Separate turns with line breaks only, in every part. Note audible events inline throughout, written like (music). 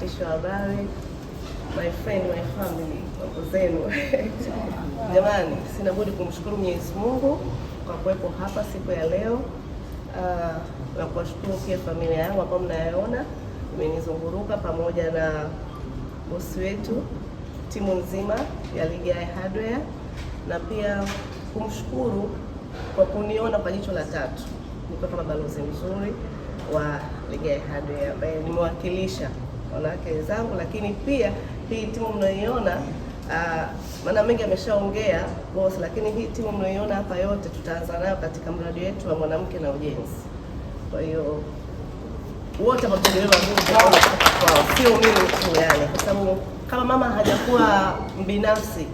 waandishi wa habari, my friend, my family, wako zenu (laughs) jamani, sina budi kumshukuru Mwenyezi Mungu kwa kuwepo hapa siku ya leo uh, na kuwashukuru pia familia yangu ambao mnayaona imenizunguruka pamoja na bosi wetu, timu nzima ya Ligae Hardware na pia kumshukuru kwa kuniona kwa jicho la tatu. Niko kama balozi mzuri wa Ligae Hardware ambaye nimewakilisha wanawake wenzangu, lakini pia hii timu mnaiona uh, ah, maana mengi ameshaongea boss, lakini hii timu mnaoiona hapa yote tutaanza nayo katika mradi wetu wa mwanamke na ujenzi. Kwa hiyo wote mapendeleo mazuri, sio mimi tu yani, kwa sababu kama mama hajakuwa mbinafsi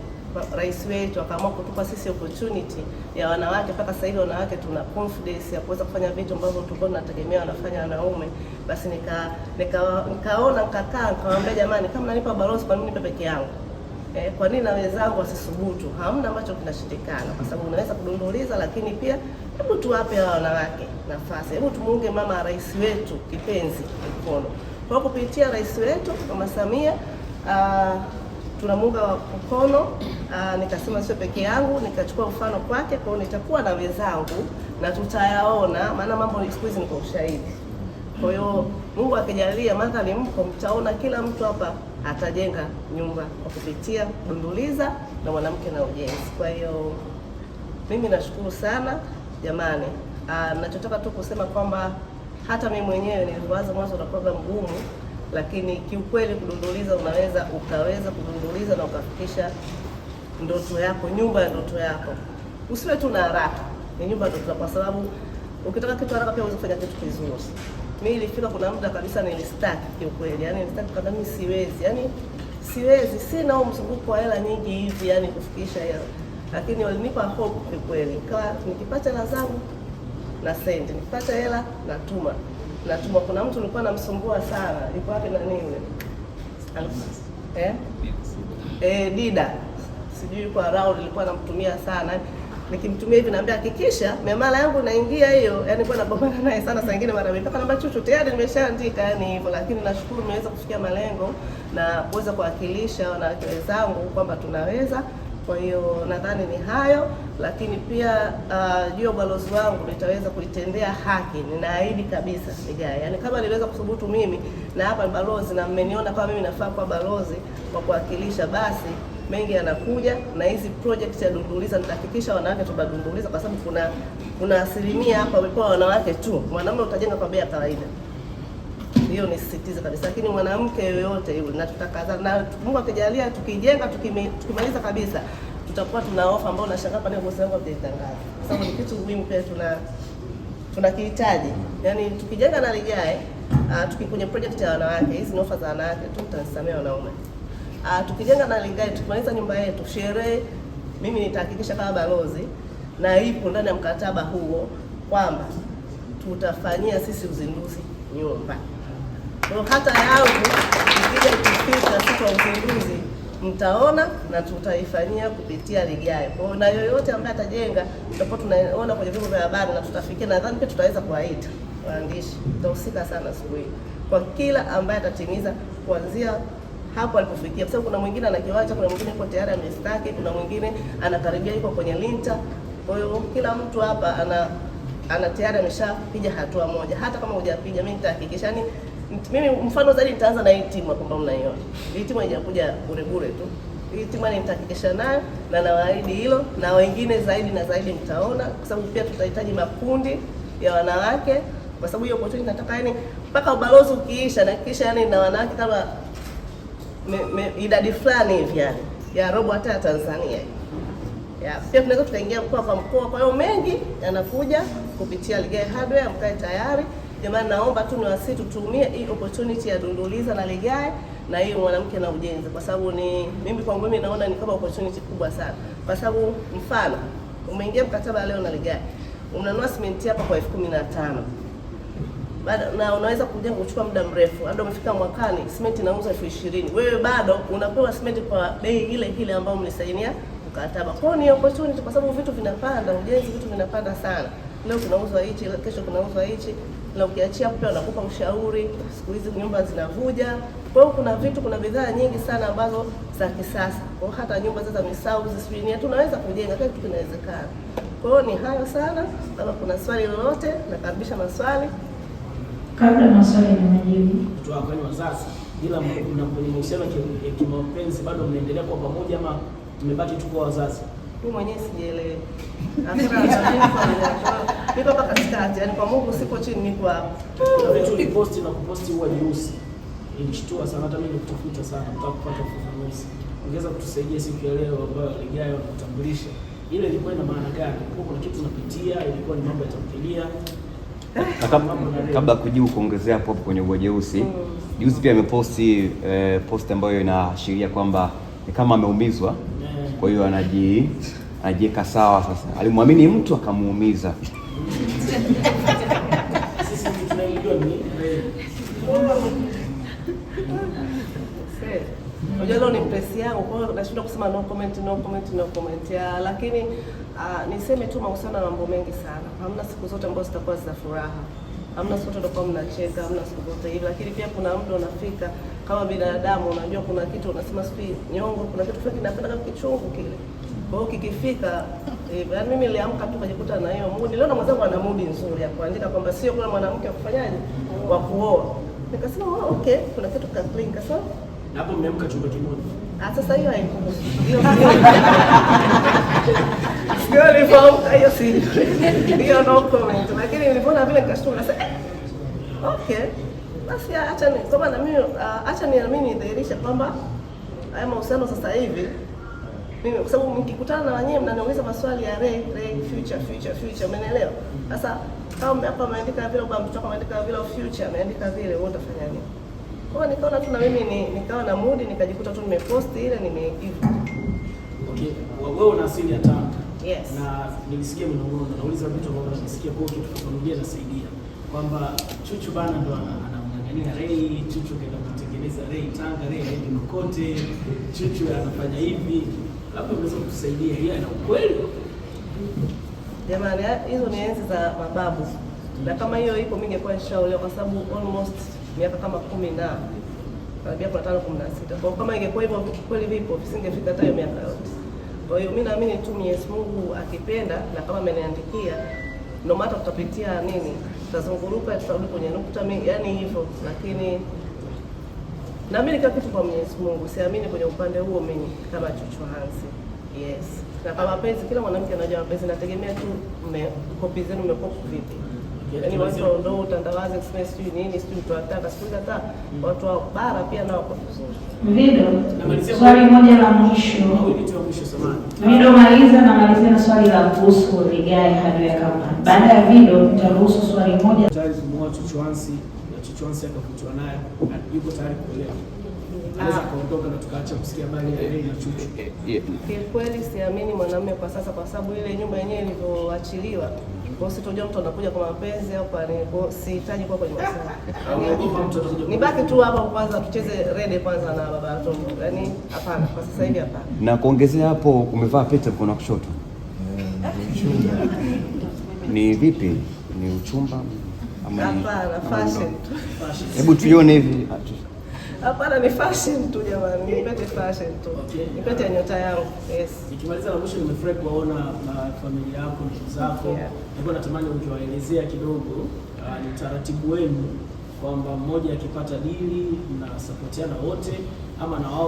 rais wetu akaamua kutupa sisi opportunity ya wanawake. Mpaka sasa hivi wanawake tuna confidence ya kuweza kufanya vitu ambavyo tulikuwa tunategemea wanafanya wanaume. Basi nika, nikaona nika, nikaona nikakaa nikamwambia, jamani, kama nanipa balozi, kwa nini nipe peke yangu? Eh, kwa nini na wenzangu wasisubutu? Hamna ambacho kinashindikana, kwa sababu unaweza kudunduliza, lakini pia hebu tuwape hawa wanawake nafasi, hebu tumuunge mama rais wetu kipenzi mkono kwa kupitia rais wetu mama Samia. Uh, tunamuunga mkono Ah, nikasema sio peke yangu, nikachukua mfano kwake, kwa hiyo nitakuwa na wenzangu na tutayaona, maana mambo siku hizi ni kwa ushahidi. Kwa hiyo Mungu akijalia, ni mko mtaona, kila mtu hapa atajenga nyumba kwa kupitia Dunduliza na mwanamke na ujenzi. Kwa hiyo mimi nashukuru sana jamani. Uh, nachotaka tu kusema kwamba hata mimi mwenyewe niliwaza mwanzo unakuwa mgumu lakini kiukweli kudunduliza, unaweza ukaweza kudunduliza na ukafikisha ndoto yako, nyumba ya ndoto yako. Usiwe tu na haraka, ni nyumba ndoto, kwa sababu ukitaka kitu haraka pia uweze kufanya kitu kizuri. Mimi ilifika kuna muda kabisa nilistaki kiukweli, yani nilistaki kwa mimi siwezi, yani siwezi, sina huo mzunguko wa hela nyingi hivi, yani kufikisha hela, lakini walinipa hope kiukweli, kwa nikipata hela zangu na send, nikipata hela natuma natuma. Kuna mtu nilikuwa namsumbua sana, ilikuwa wapi na nini eh? Eh, Dida sijui kwa rao nilikuwa namtumia sana nikimtumia hivi naambia hakikisha miamala yangu naingia hiyo, yani kwa nabomana naye sana saa nyingine mara mpaka namba chuchu tayari nimeshaandika yani hivyo, lakini nashukuru nimeweza kufikia malengo na kuweza kuwakilisha wanawake wenzangu kwamba tunaweza. Kwa hiyo nadhani ni hayo, lakini pia hiyo uh, balozi wangu nitaweza kuitendea haki, ninaahidi kabisa Migaa, yani kama niliweza kuthubutu mimi na hapa balozi na mmeniona kama mimi nafaa kwa balozi kwa kuwakilisha basi mengi yanakuja, na hizi project ya Dunduliza nitahakikisha wanawake tunadunduliza, kwa sababu kuna kuna asilimia hapa walikuwa wanawake tu, mwanamume utajenga kwa bei ya kawaida. Hiyo ni sisitiza kabisa, lakini mwanamke yoyote yule, na tutakaza na Mungu akijalia, tukijenga tukimaliza kabisa, tutakuwa tuna ofa ambayo nashangaa pale kwa sababu bosi wangu kwa sababu ni kitu muhimu pia tuna tunakihitaji. Yani tukijenga na lijae, uh, tuki kwenye project ya wanawake, hizi ni ofa za wanawake tu, tutazisamia wanaume. Uh, tukijenga na lingai tukimaliza nyumba yetu, sherehe mimi nitahakikisha kama balozi na ipo ndani ya mkataba huo kwamba tutafanyia sisi uzinduzi nyumba kwa hata yangu ikija ikifika siku ya uzinduzi mtaona na tutaifanyia kupitia Ligae. Kwa na yoyote ambaye atajenga tutakuwa tunaona kwenye vyombo vya habari na tutafikia, nadhani pia tutaweza kuwaita waandishi, tutahusika sana siku hii kwa kila ambaye atatimiza kuanzia hapo alipofikia, kwa sababu kuna mwingine anakiwacha, kuna mwingine yuko tayari amestaki, kuna mwingine anakaribia yuko kwenye linta. Kwa hiyo kila mtu hapa ana ana tayari ameshapiga hatua moja, hata kama hujapiga, mimi nitahakikisha ni yaani, mimi mfano zaidi nitaanza na hii timu kwamba mnaiona hii timu haijakuja bure bure tu. Hii timu ni yaani nitahakikisha nayo na nawaahidi hilo, na wengine zaidi na zaidi mtaona, kwa sababu pia tutahitaji makundi ya wanawake, kwa sababu hiyo opportunity nataka yani mpaka ubalozi ukiisha na kisha yani na wanawake kama idadi fulani hivi yani ya robo hata ya Tanzania ya, pia tunaweza tukaingia mkoa kwa mkoa. Kwa hiyo mengi yanakuja kupitia Legai Hardware, mkae tayari jamani. Naomba tu ni wasi tutumie hii opportunity ya Dunduliza na ligae na hiyo mwanamke na ujenzi, kwa sababu ni mimi kwangu mimi naona ni kama opportunity kubwa sana, kwa sababu mfano umeingia mkataba leo na ligae unanunua simenti hapa kwa elfu kumi na tano na unaweza kujenga kuchukua muda mrefu, labda umefika mwakani simenti inauza elfu ishirini wewe bado unapewa simenti kwa bei ile ile ambayo mlisainia mkataba. Kwao ni opportunity, kwa sababu vitu vinapanda, ujenzi vitu vinapanda sana. Leo kunauzwa hichi, kesho kunauzwa hichi, na ukiachia pia wanakupa ushauri. Siku hizi nyumba zinavuja, kwa hiyo kuna vitu, kuna bidhaa nyingi sana ambazo za kisasa, kwa hata nyumba sasa misauzi sijui tunaweza kujenga, kila kitu kinawezekana. Kwa hiyo ni hayo sana. Kama kuna swali lolote, nakaribisha maswali.
Kabla maswali na majibu,
watoto wako ni wazazi, ila mnapokuwa mahusiano ya kimapenzi bado mnaendelea kwa pamoja ama tumebaki tu kwa wazazi?
Mimi mwenyewe sijielewi. Niko hapa katikati, yani kwa Mungu siko chini, niko hapa.
Kuna vitu post na kuposti huwa jeusi, ilishtua sana, hata mimi nikutafuta sana, nataka kupata ufafanuzi. Ungeweza kutusaidia siku ya leo ambayo waligawa wanakutambulisha, ile ilikuwa ina maana gani? Kwa Kuna kitu tunapitia, ilikuwa ni mambo ya tamthilia
kab, kabla kujibu kuongezea hapo kwenye ua jeusi mm. Juzi pia ameposti eh, post ambayo inaashiria kwamba ni kama ameumizwa, kwa hiyo anaji anajiweka sawa sasa. Alimwamini mtu akamuumiza
yangu, kwa hiyo nashindwa kusema no comment, no comment, no comment ya, lakini uh, niseme tu mahusiano na mambo mengi sana. Hamna siku zote ambazo zitakuwa za furaha, hamna siku zote utakuwa mnacheka, hamna siku zote hivi, lakini pia kuna muda unafika kama binadamu, unajua kuna kitu unasema sijui nyongo, kuna kitu fulani kinapenda kichungu kile kwa hiyo kikifika eh, yaani mimi niliamka tu kajikuta na hiyo mudi. Leo na mwenzangu ana mudi nzuri ya kuandika kwamba sio kuna mwanamke akufanyaje wa kuoa, nikasema oh, okay kuna kitu kaklinka sawa
na hapo mmeamka chumba kimoja.
Ah, sasa hiyo haikumbuki. Sio nilifahamu hiyo si Hiyo no comment. Lakini nilipoona vile nikashtuka nasema eh. Okay. Basi acha ni kama na mimi ah, acha niamini nidhihirisha kwamba haya mahusiano sasa hivi mimi kwa sababu mkikutana na wanyewe mnaniuliza maswali ya Ray, Ray future future future, umeelewa? Sasa kama hapa ameandika vile au mtoto ameandika vile future ameandika vile, wewe utafanya nini? Kwa hiyo nikaona tu na mimi ni, nikawa na mudi nikajikuta tu nimepost ile nimeiva.
Okay, wewe una asili ya Tanga. Yes. Na nilisikia mnong'ono, nauliza vitu ambavyo nasikia kwa kitu kwa nasaidia kwamba Chuchu bana ndo anamng'ang'ania Rei, Chuchu kaenda kutengeneza Rei Tanga, Rei aende Makote, Chuchu anafanya hivi. Labda unaweza kutusaidia hii ana ukweli?
Jamani, hizo ni enzi za mababu. Na kama hiyo ipo, mingekuwa nishaolewa kwa sababu almost miaka kama kumi na karibia kuna tano kumi na sita kwao. Kama ingekuwa hivyo kweli vipo visingefika hata hiyo miaka yote. Kwa hiyo mi naamini tu Mwenyezi Mungu akipenda na kama ameniandikia nomata tutapitia nini, tutazunguruka, tutarudi kwenye nukta, mi, yani hivyo, lakini naamini kila kitu kwa Mwenyezi Mungu, siamini kwenye upande huo mimi kama Chuchu Hansi. Yes, na kama mapenzi, kila mwanamke anajua mapenzi, nategemea tu kopi zenu mmekopu vipi. Yaani, yaani watu waondoe utandawazi kusema sijui nini sijui sijui hata mm. watu wa bara pia nao wako vizuri.
Mvido, swali moja la mwisho Maliza na malizia na swali la kuhusu vigae hadi ya Baada ya Vido nitaruhusu swali moja
kumwoa Chuchuansi na Chuchuansi akavutiwa naye, yuko tayari kuelewa ah. eh,
eh, eh. kweli, siamini mwanamume kwa sasa, kwa sababu ile nyumba yenyewe ilivyoachiliwa kwa hiyo sitojua mtu anakuja kwa mapenzi au kwa nini. Kwa hiyo sihitaji kuwa kwenye maswala. (laughs) Nibaki tu hapa kwanza tucheze rede kwanza na baba Tombo. Yaani hapana kwa sasa hivi hapana.
Na kuongezea hapo umevaa pete mkono wa kushoto. Eh. Ni vipi? Ni uchumba
ama hapana fashion.
Hebu tuione hivi.
Hapana, ni fashion tu jamani, nipete fashion tu. Okay. Nipete ya nyota yangu. Yes.
Nikimaliza na mwisho, nimefurahi kuwaona ah, familia yako, ndugu zako. Yeah. Nilikuwa natamani ungewaelezea kidogo uh, ni taratibu wenu kwamba mmoja akipata dili mnasapotiana wote ama na wao